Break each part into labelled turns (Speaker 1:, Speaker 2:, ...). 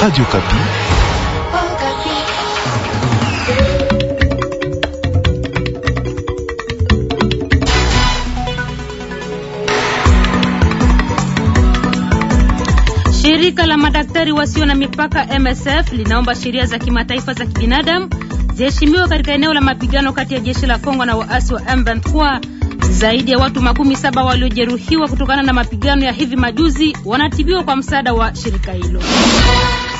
Speaker 1: Radio Kapi.
Speaker 2: Shirika la madaktari wasio na mipaka MSF linaomba sheria za kimataifa za kibinadamu ziheshimiwe katika eneo la mapigano kati ya jeshi la Kongo na waasi wa M23. Zaidi ya watu makumi saba waliojeruhiwa kutokana na mapigano ya hivi majuzi wanatibiwa kwa msaada wa shirika hilo.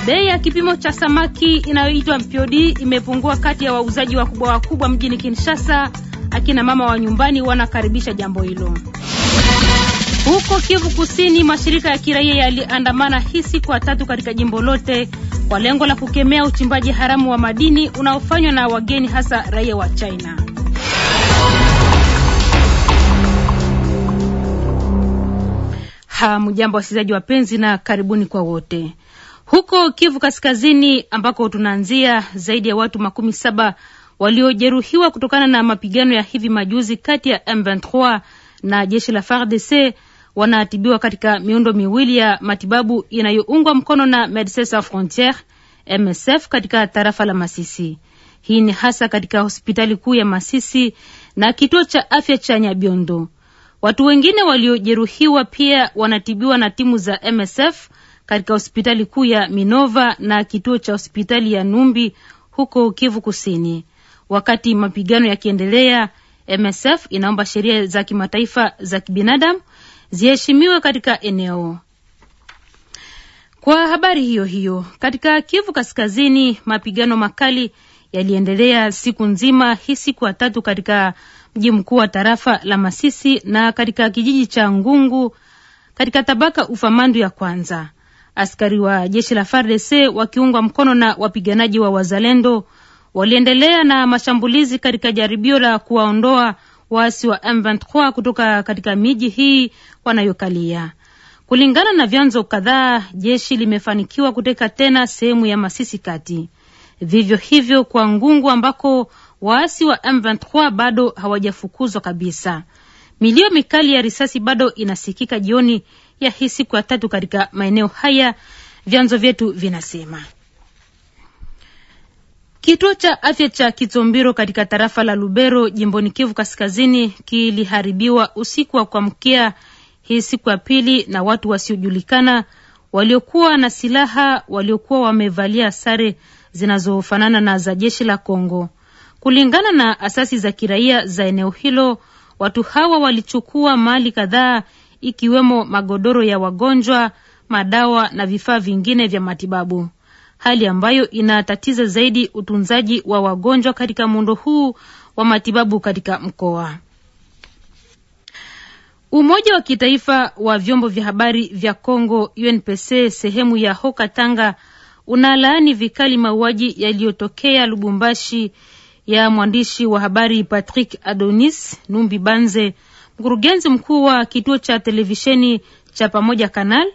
Speaker 2: Bei ya kipimo cha samaki inayoitwa mpiodi imepungua kati ya wauzaji wakubwa wakubwa mjini Kinshasa. Akina mama wa nyumbani wanakaribisha jambo hilo. Huko Kivu Kusini, mashirika ya kiraia yaliandamana hii siku tatu katika jimbo lote kwa lengo la kukemea uchimbaji haramu wa madini unaofanywa na wageni, hasa raia wa China. Hamjambo wasikilizaji wapenzi, na karibuni kwa wote. Huko Kivu Kaskazini ambako tunaanzia, zaidi ya watu makumi saba waliojeruhiwa kutokana na mapigano ya hivi majuzi kati ya M23 na jeshi la FARDC wanatibiwa katika miundo miwili ya matibabu inayoungwa mkono na Medecins Sans Frontieres MSF katika tarafa la Masisi. Hii ni hasa katika hospitali kuu ya Masisi na kituo cha afya cha Nyabiondo. Watu wengine waliojeruhiwa pia wanatibiwa na timu za MSF katika hospitali kuu ya Minova na kituo cha hospitali ya Numbi huko Kivu Kusini. Wakati mapigano yakiendelea, MSF inaomba sheria za kimataifa za kibinadamu ziheshimiwe katika eneo. Kwa habari hiyo hiyo, katika Kivu Kaskazini mapigano makali yaliendelea siku nzima hii siku ya tatu katika mji mkuu wa tarafa la Masisi na katika kijiji cha Ngungu katika tabaka Ufamandu ya kwanza. Askari wa jeshi la FARDC wakiungwa mkono na wapiganaji wa wazalendo waliendelea na mashambulizi katika jaribio la kuwaondoa waasi wa M23 kutoka katika miji hii wanayokalia. Kulingana na vyanzo kadhaa, jeshi limefanikiwa kuteka tena sehemu ya Masisi kati, vivyo hivyo kwa Ngungu ambako waasi wa M23 bado hawajafukuzwa kabisa. Milio mikali ya risasi bado inasikika jioni ya hii siku ya tatu katika maeneo haya, vyanzo vyetu vinasema. Kituo cha afya cha kitombiro katika tarafa la Lubero jimboni Kivu Kaskazini kiliharibiwa usiku wa kuamkia hii siku ya pili na watu wasiojulikana waliokuwa na silaha waliokuwa wamevalia sare zinazofanana na za jeshi la Kongo. Kulingana na asasi za kiraia za eneo hilo, watu hawa walichukua mali kadhaa ikiwemo magodoro ya wagonjwa, madawa na vifaa vingine vya matibabu, hali ambayo inatatiza zaidi utunzaji wa wagonjwa katika muundo huu wa matibabu katika mkoa. Umoja wa Kitaifa wa Vyombo vya Habari vya Kongo, UNPC, sehemu ya Hoka Tanga, unalaani vikali mauaji yaliyotokea Lubumbashi ya mwandishi wa habari Patrick Adonis Numbi Banze mkurugenzi mkuu wa kituo cha televisheni cha Pamoja Canal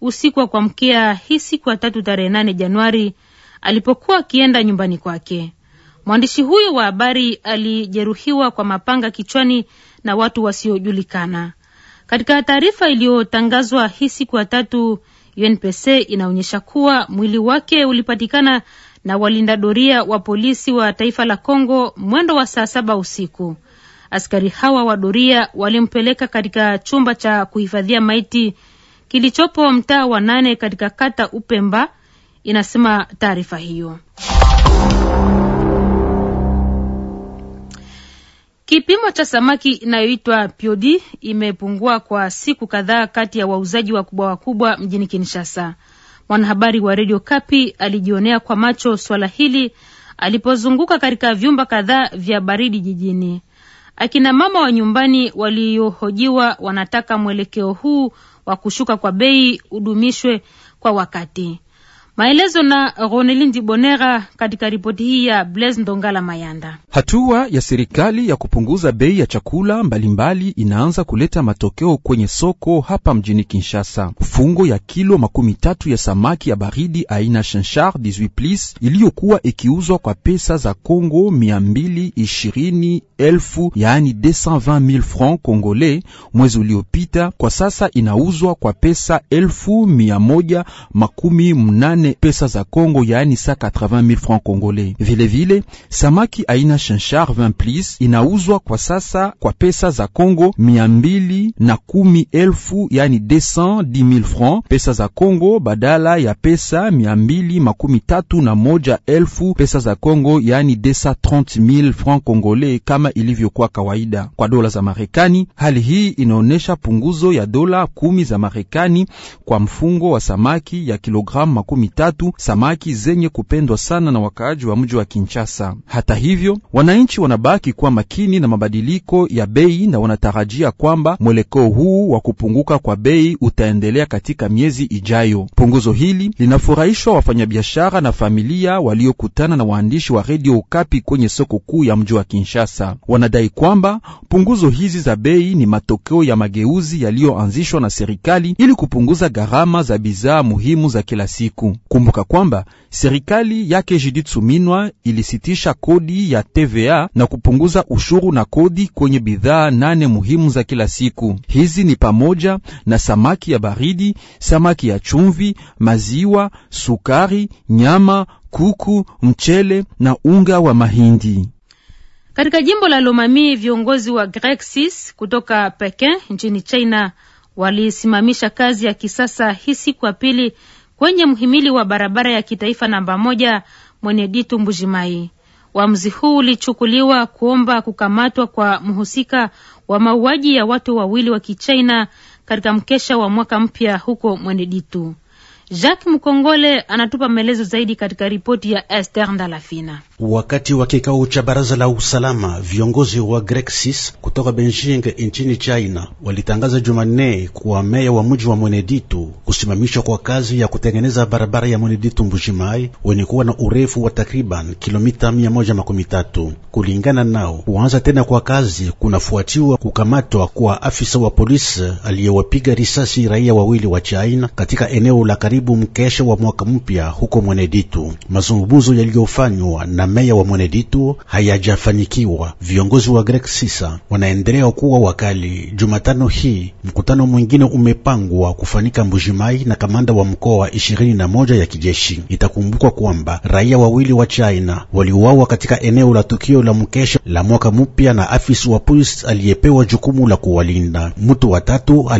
Speaker 2: usiku wa kuamkia hii siku ya tatu tarehe nane Januari alipokuwa akienda nyumbani kwake. Mwandishi huyo wa habari alijeruhiwa kwa mapanga kichwani na watu wasiojulikana. Katika taarifa iliyotangazwa hii siku ya tatu, UNPC inaonyesha kuwa mwili wake ulipatikana na walinda doria wa polisi wa taifa la Kongo mwendo wa saa saba usiku. Askari hawa wa doria walimpeleka katika chumba cha kuhifadhia maiti kilichopo mtaa wa nane katika kata Upemba, inasema taarifa hiyo. Kipimo cha samaki inayoitwa piodi imepungua kwa siku kadhaa kati ya wauzaji wakubwa wakubwa mjini Kinshasa. Mwanahabari wa redio Kapi alijionea kwa macho swala hili alipozunguka katika vyumba kadhaa vya baridi jijini. Akina mama wa nyumbani waliohojiwa wanataka mwelekeo huu wa kushuka kwa bei udumishwe kwa wakati. Maelezo na Ronelindi Bonera katika ripoti hii ya Blaise Ndongala Mayanda.
Speaker 3: Hatua ya serikali ya kupunguza bei ya chakula mbalimbali inaanza kuleta matokeo kwenye soko hapa mjini Kinshasa. Fungo ya kilo makumi tatu ya samaki ya baridi aina Chinchard 18 plus iliyokuwa ikiuzwa kwa pesa za Kongo 220,000 yaani 220000 francs Congolais mwezi uliopita, kwa sasa inauzwa kwa pesa elfu nyingine pesa za Kongo, yaani saa 80000 francs congolais. Vilevile samaki aina shanshar 20 plis inauzwa kwa sasa kwa pesa za Kongo 210000 yaani 210000 francs pesa za Kongo badala ya pesa 231000 pesa za Kongo, yaani 230000 francs congolais kama ilivyokuwa kawaida. Kwa dola za Marekani, hali hii inaonyesha punguzo ya dola kumi za Marekani kwa mfungo wa samaki ya kilogramu makumi tatu samaki zenye kupendwa sana na wakaaji wa mji wa Kinshasa. Hata hivyo, wananchi wanabaki kuwa makini na mabadiliko ya bei na wanatarajia kwamba mwelekeo huu wa kupunguka kwa bei utaendelea katika miezi ijayo. Punguzo hili linafurahishwa wafanyabiashara na familia waliokutana na waandishi wa redio Ukapi kwenye soko kuu ya mji wa Kinshasa. Wanadai kwamba punguzo hizi za bei ni matokeo ya mageuzi yaliyoanzishwa na serikali ili kupunguza gharama za bidhaa muhimu za kila siku. Kumbuka kwamba serikali yake Judith Suminwa ilisitisha kodi ya TVA na kupunguza ushuru na kodi kwenye bidhaa nane muhimu za kila siku. Hizi ni pamoja na samaki ya baridi, samaki ya chumvi, maziwa, sukari, nyama, kuku, mchele na unga wa mahindi.
Speaker 2: Katika jimbo la Lomami, viongozi wa Grexis kutoka Pekin nchini China walisimamisha kazi ya kisasa hii siku ya pili kwenye mhimili wa barabara ya kitaifa namba moja Mweneditu Mbujimai. Uamuzi huu ulichukuliwa kuomba kukamatwa kwa mhusika wa mauaji ya watu wawili wa Kichina katika mkesha wa mwaka mpya huko Mweneditu. Jacques Mkongole anatupa maelezo zaidi katika ripoti ya Esther Ndalafina.
Speaker 1: Wakati wa kikao cha baraza la usalama, viongozi wa Grexis kutoka Beijing nchini China walitangaza Jumanne kwa meya wa mji wa Mweneditu kusimamishwa kwa kazi ya kutengeneza barabara ya Mweneditu Mbujimai wenye kuwa na urefu wa takriban kilomita 113. Kulingana nao, kuanza tena kwa kazi kunafuatiwa kukamatwa kwa afisa wa polisi aliyewapiga risasi raia wawili wa China katika eneo la karibu mkesha wa mwaka mpya huko Mweneditu. Mazungumzo yaliyofanywa na meya wa Mweneditu hayajafanyikiwa Viongozi wa Grek sisa wanaendelea kuwa wakali. Jumatano hii mkutano mwingine umepangwa kufanyika Mbujimai na kamanda wa mkoa moja ya kijeshi. Itakumbukwa kwamba raia wawili wa China waliuawa katika eneo la tukio la mkesha la mwaka mpya na afisa wa polisi aliyepewa jukumu la kuwalinda. Mtu wa tatu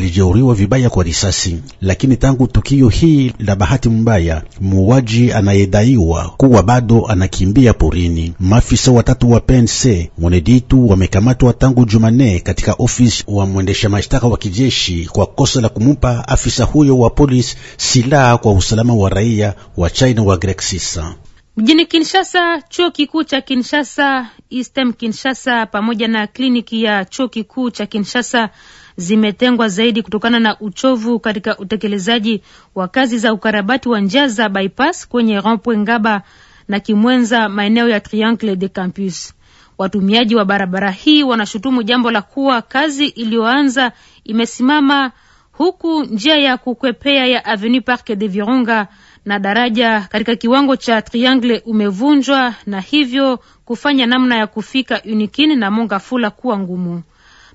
Speaker 1: vibaya kwa risasi, lakini tangu tukio hii la bahati mbaya, muuaji anayedaiwa kuwa bado anakimbia porini. Maafisa watatu wa PNC Moneditu wamekamatwa tangu Jumanne katika ofisi wa mwendesha mashtaka wa kijeshi kwa kosa la kumupa afisa huyo wa polisi silaha kwa usalama wa raia wa China wa Grexisa.
Speaker 2: Mjini Kinshasa, chuo kikuu cha Kinshasa, Eastern Kinshasa pamoja na kliniki ya chuo kikuu cha Kinshasa zimetengwa zaidi kutokana na uchovu katika utekelezaji wa kazi za ukarabati wa njia za bypass kwenye Rond-Point Ngaba na Kimwenza, maeneo ya Triangle de Campus. Watumiaji wa barabara hii wanashutumu jambo la kuwa kazi iliyoanza imesimama, huku njia ya kukwepea ya Avenue Parc de Virunga na daraja katika kiwango cha Triangle umevunjwa na hivyo kufanya namna ya kufika Unikin na Mongafula kuwa ngumu.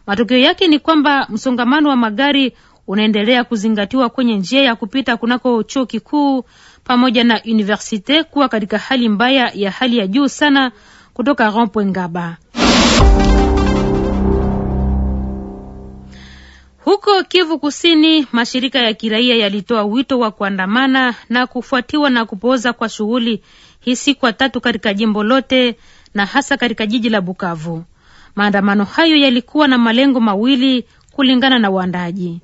Speaker 2: Matokeo yake ni kwamba msongamano wa magari unaendelea kuzingatiwa kwenye njia ya kupita kunako chuo kikuu pamoja na universite kuwa katika hali mbaya ya hali ya juu sana kutoka Rompwe Ngaba. Huko Kivu Kusini, mashirika ya kiraia yalitoa wito wa kuandamana na kufuatiwa na kupooza kwa shughuli hii siku tatu katika jimbo lote na hasa katika jiji la Bukavu. Maandamano hayo yalikuwa na malengo mawili kulingana na uandaji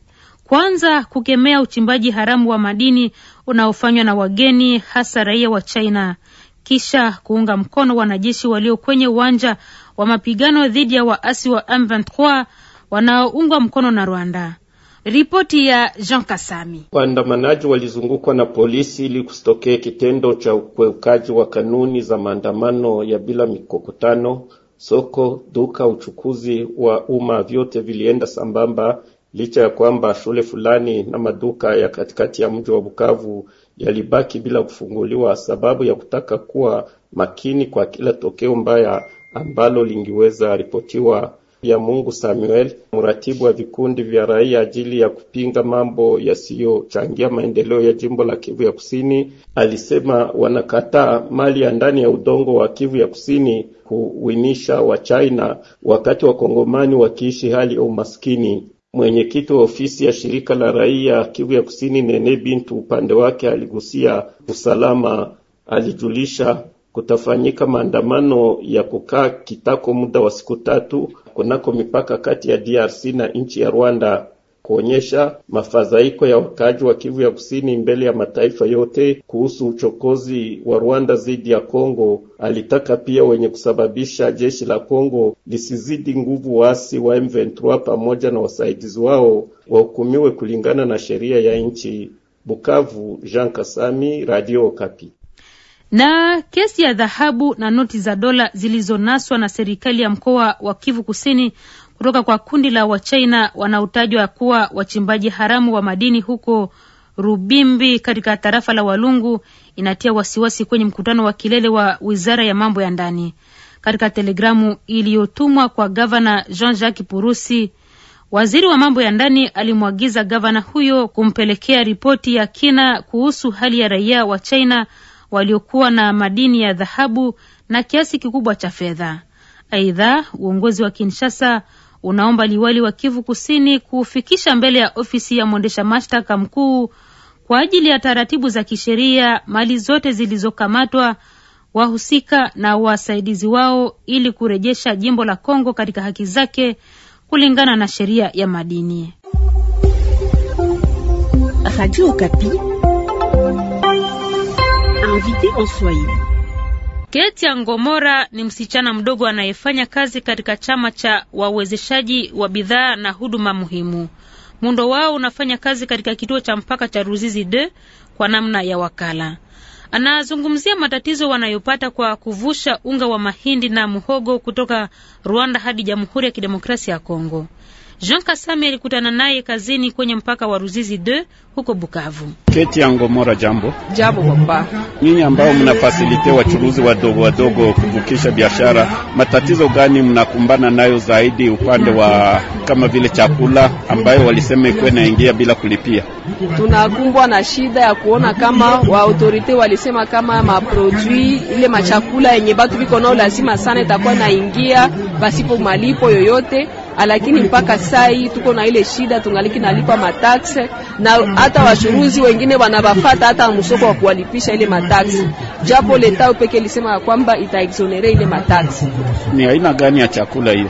Speaker 2: kwanza, kukemea uchimbaji haramu wa madini unaofanywa na wageni, hasa raia wa China, kisha kuunga mkono wanajeshi walio kwenye uwanja wa mapigano dhidi ya waasi wa M23 wanaoungwa mkono na Rwanda. Ripoti ya Jean Kasami.
Speaker 4: Waandamanaji walizungukwa na polisi ili kusitokee kitendo cha ukweukaji wa kanuni za maandamano ya bila mikokotano. Soko, duka, uchukuzi wa umma, vyote vilienda sambamba licha ya kwamba shule fulani na maduka ya katikati ya mji wa Bukavu yalibaki bila kufunguliwa sababu ya kutaka kuwa makini kwa kila tokeo mbaya ambalo lingiweza ripotiwa. Ya Mungu Samuel, mratibu wa vikundi vya raia ajili ya kupinga mambo yasiyochangia maendeleo ya jimbo la Kivu ya Kusini, alisema wanakataa mali ya ndani ya udongo wa Kivu ya Kusini kuwinisha wa China wakati wa Kongomani wakiishi hali ya umaskini. Mwenyekiti wa ofisi ya shirika la raia Kivu ya Kusini, Nene Bintu, upande wake aligusia usalama. Alijulisha kutafanyika maandamano ya kukaa kitako muda wa siku tatu kunako mipaka kati ya DRC na nchi ya Rwanda kuonyesha mafadhaiko ya wakaaji wa Kivu ya Kusini mbele ya mataifa yote kuhusu uchokozi wa Rwanda dhidi ya Kongo. Alitaka pia wenye kusababisha jeshi la Kongo lisizidi nguvu waasi wa M23 pamoja na wasaidizi wao wahukumiwe kulingana na sheria ya nchi. Bukavu, Jean Kasami, Radio Okapi.
Speaker 2: Na kesi ya dhahabu na noti za dola zilizonaswa na serikali ya mkoa wa Kivu Kusini kutoka kwa kundi la Wachina wanaotajwa kuwa wachimbaji haramu wa madini huko Rubimbi katika tarafa la Walungu inatia wasiwasi kwenye mkutano wa kilele wa Wizara ya Mambo ya Ndani. Katika telegramu iliyotumwa kwa gavana Jean-Jacques Purusi, waziri wa mambo ya ndani alimwagiza gavana huyo kumpelekea ripoti ya kina kuhusu hali ya raia wa China waliokuwa na madini ya dhahabu na kiasi kikubwa cha fedha. Aidha, uongozi wa Kinshasa unaomba liwali wa Kivu Kusini kufikisha mbele ya ofisi ya mwendesha mashtaka mkuu kwa ajili ya taratibu za kisheria mali zote zilizokamatwa, wahusika na wasaidizi wao ili kurejesha jimbo la Kongo katika haki zake kulingana na sheria ya madini. Radio Okapi. Ketia Ngomora ni msichana mdogo anayefanya kazi katika chama cha wawezeshaji wa bidhaa na huduma muhimu. Muundo wao unafanya kazi katika kituo cha mpaka cha Ruzizi de kwa namna ya wakala. Anazungumzia matatizo wanayopata kwa kuvusha unga wa mahindi na muhogo kutoka Rwanda hadi Jamhuri ya Kidemokrasia ya Kongo. Jean Kasami alikutana naye kazini kwenye mpaka wa Ruzizi 2 huko Bukavu.
Speaker 4: Keti ya jambo
Speaker 2: jambo
Speaker 5: baba.
Speaker 4: Nyinyi ambao mnafasilite wachuruzi wadogo wadogo kuvukisha biashara, matatizo gani mnakumbana nayo zaidi upande wa kama vile chakula ambayo walisema ikuwe naingia bila kulipia?
Speaker 5: Tunakumbwa na shida ya kuona kama wa autorite walisema kama maprodui ile machakula yenye batu viko nao lazima sana itakuwa naingia pasipo malipo yoyote Ah, lakini mpaka saa hii tuko na ile shida, tungaliki nalipa mataxe na hata washuruzi wengine wanabafata hata msoko wa kuwalipisha ile mataxe, japo leta peke lisema kwamba itaexonere ile mataxe.
Speaker 4: Ni aina gani ya chakula hiyo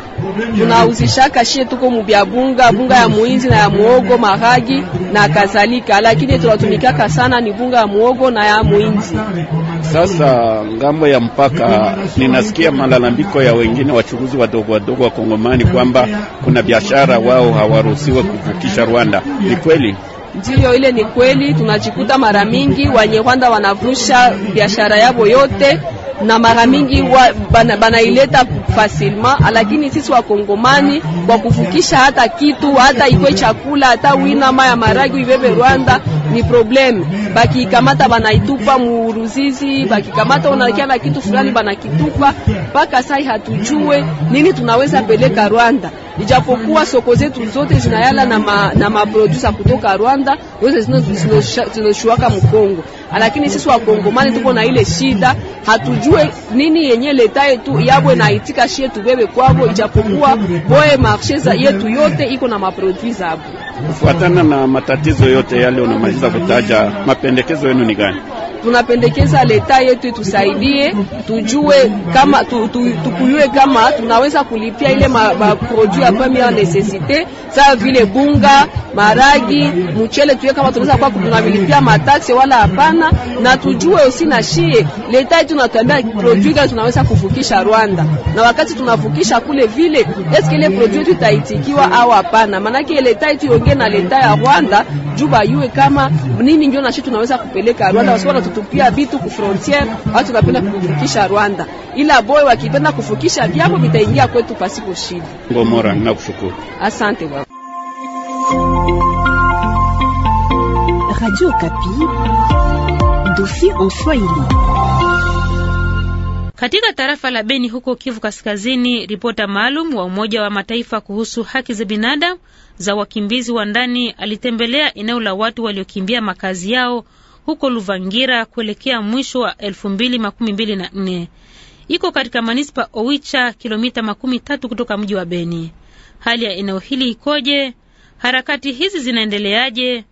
Speaker 5: tunauzishaka? Shie tuko mubya bunga bunga ya muinzi na ya muogo, maragi na kadhalika, lakini tunatumikaka sana ni bunga ya muogo na ya muinzi.
Speaker 4: Sasa ngambo ya mpaka ninasikia malalamiko ya wengine wachuruzi wadogo wadogo wa Kongomani kwamba kuna biashara wao hawaruhusiwe kuvukisha Rwanda. Ni kweli?
Speaker 5: Ndiyo, ile ni kweli. Tunajikuta mara mingi Wanyarwanda wanavusha biashara yabo yote na mara mingi banaileta bana fasilma, lakini sisi Wakongomani kwa kuvukisha hata kitu hata ikwe chakula hata wina maya ya maragi ibebe Rwanda ni probleme. Bakikamata banaitupa muruzizi, bakikamata unakia na kitu fulani banakitupa. Mpaka sai hatujue nini tunaweza peleka Rwanda, ijapokuwa soko zetu zote zinayala na, ma, na maprodusa kutoka Rwanda zote zinoshuaka Mkongo, lakini sisi wakongomani tuko na ile shida, hatujue nini yenye leta yetu yabwe na itika shie tubebe kwabo, ijapokuwa boye marshe yetu yote iko na maprodui zabo
Speaker 4: kufuatana na matatizo yote yale unamaliza kutaja, mapendekezo yenu ni gani?
Speaker 5: tunapendekeza leta yetu itusaidie, tujue kama tu, tu, tukuyue kama tunaweza kulipia ile maproduit ya premiere necessite saa vile bunga, maragi, mchele, tujue kama tunaweza kwa tunamilipia mataksi wala hapana, na tujue usi na shie leta yetu natuambia produit gani tunaweza kuvukisha Rwanda, na wakati tunavukisha kule vile, eske ile produit yetu itaitikiwa au hapana? Maanake leta yetu yonge na leta ya Rwanda juba yue kama nini ndio nashi tunaweza kupeleka Rwanda wasiwana kututupia vitu ku frontier, watu wanapenda kufukisha Rwanda, ila boy wakipenda kufukisha vyako vitaingia kwetu pasipo shida.
Speaker 4: Ngomora, nakushukuru,
Speaker 5: asante baba. Radio Kapi, dossier en Swahili.
Speaker 2: Katika tarafa la Beni huko Kivu Kaskazini, ripota maalum wa Umoja wa Mataifa kuhusu haki za binadamu za wakimbizi wa ndani alitembelea eneo la watu waliokimbia makazi yao huko Luvangira kuelekea mwisho wa 2024. Iko katika manispa Owicha, kilomita makumi tatu kutoka mji wa Beni. Hali ya eneo hili ikoje? Harakati hizi zinaendeleaje?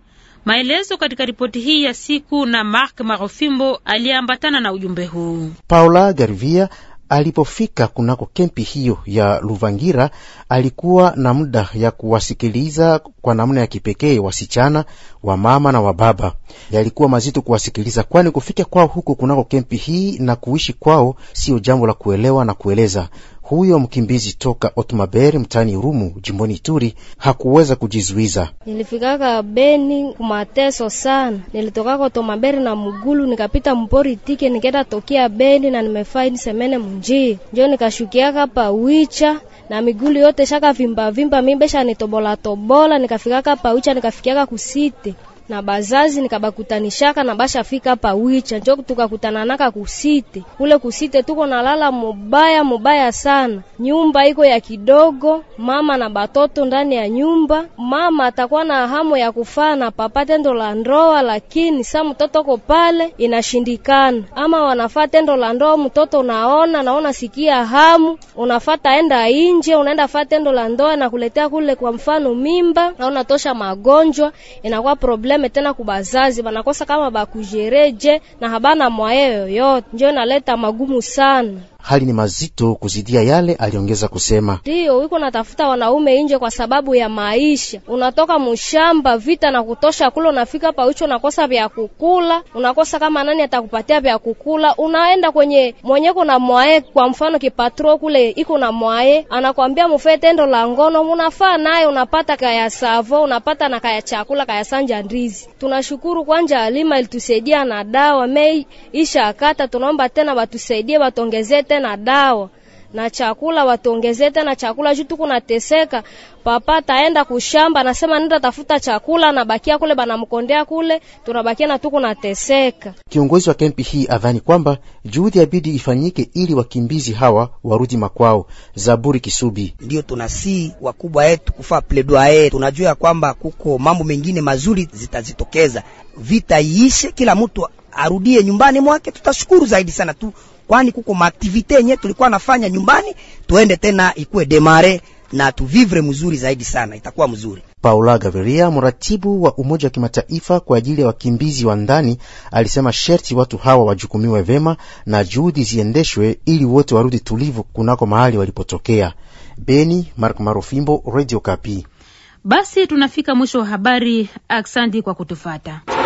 Speaker 2: Maelezo katika ripoti hii ya siku na Mark Marofimbo aliyeambatana na ujumbe huu.
Speaker 6: Paula Garvia Alipofika kunako kempi hiyo ya Luvangira, alikuwa na muda ya kuwasikiliza kwa namna ya kipekee wasichana wa mama na wa baba. Yalikuwa mazito kuwasikiliza, kwani kufika kwao huko kunako kempi hii na kuishi kwao sio jambo la kuelewa na kueleza. Huyo mkimbizi toka Otmaber mtaani Rumu jimboni Ituri hakuweza kujizuiza.
Speaker 7: Nilifikaka Beni kumateso sana, nilitokaka Otmaber na mugulu nikapita mpori tike nikenda tokia Beni na nimefaini semene munjii njo nikashukiaka pawicha na migulu yote shaka vimba vimba, mibesha nitobola tobola, nikafikaka pawicha nikafikiaka kusite na bazazi nikabakutanishaka na bashafika hapa wicha njo tukakutananaka kusite kule kusite tuko nalala mubaya mubaya sana nyumba iko ya kidogo mama na batoto ndani ya nyumba mama atakuwa na hamu ya kufaa na papa tendo la ndoa lakini sa mtoto ko pale inashindikana ama wanafaa tendo la ndoa mtoto unaona naona sikia hamu unafata enda inje unaenda fa tendo la ndoa na kuletea kule kwa mfano mimba na unatosha magonjwa inakuwa problem probleme tena kubazazi, banakosa kama bakujere na habana mwaye yoyote, njo naleta magumu sana
Speaker 6: hali ni mazito kuzidia yale. Aliongeza kusema
Speaker 7: ndiyo wiko natafuta wanaume nje kwa sababu ya maisha. Unatoka mushamba vita na kutosha kule unafika pa ucho unakosa vya kukula, unakosa kama nani atakupatia vya kukula. Unaenda kwenye mwenyeko na mwae, kwa mfano kipatro kule iko na mwae, anakwambia mufe tendo la ngono, munafaa naye unapata kaya savo, unapata na kaya chakula, kaya sanja ndizi. Tunashukuru kwanja alima ilitusaidia na dawa mei isha akata, tunaomba tena watusaidie watongezete na dawa na chakula watuongezee tena chakula juu tuko nateseka. Papa taenda kushamba, nasema nenda tafuta chakula, nabakia kule mkondea kule, tunabakia na tuko nateseka.
Speaker 6: Kiongozi wa kempi hii adhani kwamba juhudi yabidi ifanyike ili wakimbizi hawa warudi makwao. Zaburi Kisubi:
Speaker 7: ndio tunasii wakubwa yetu kufaa pledoaye, tunajua kwamba kuko mambo mengine mazuri zitazitokeza, vita iishe, kila mtu arudie nyumbani mwake, tutashukuru zaidi sana tu, kwani kuko maaktivite yenye tulikuwa nafanya nyumbani, tuende tena ikuwe demare na tuvivre mzuri zaidi sana, itakuwa mzuri.
Speaker 6: Paula Gaviria, mratibu wa Umoja wa Kimataifa kwa ajili ya wakimbizi wa ndani, alisema sherti watu hawa wajukumiwe vema na juhudi ziendeshwe ili wote warudi tulivu kunako mahali walipotokea. Beni, Mark Marofimbo, Radio Kapi.
Speaker 2: Basi tunafika mwisho wa habari. Aksandi kwa kutufata.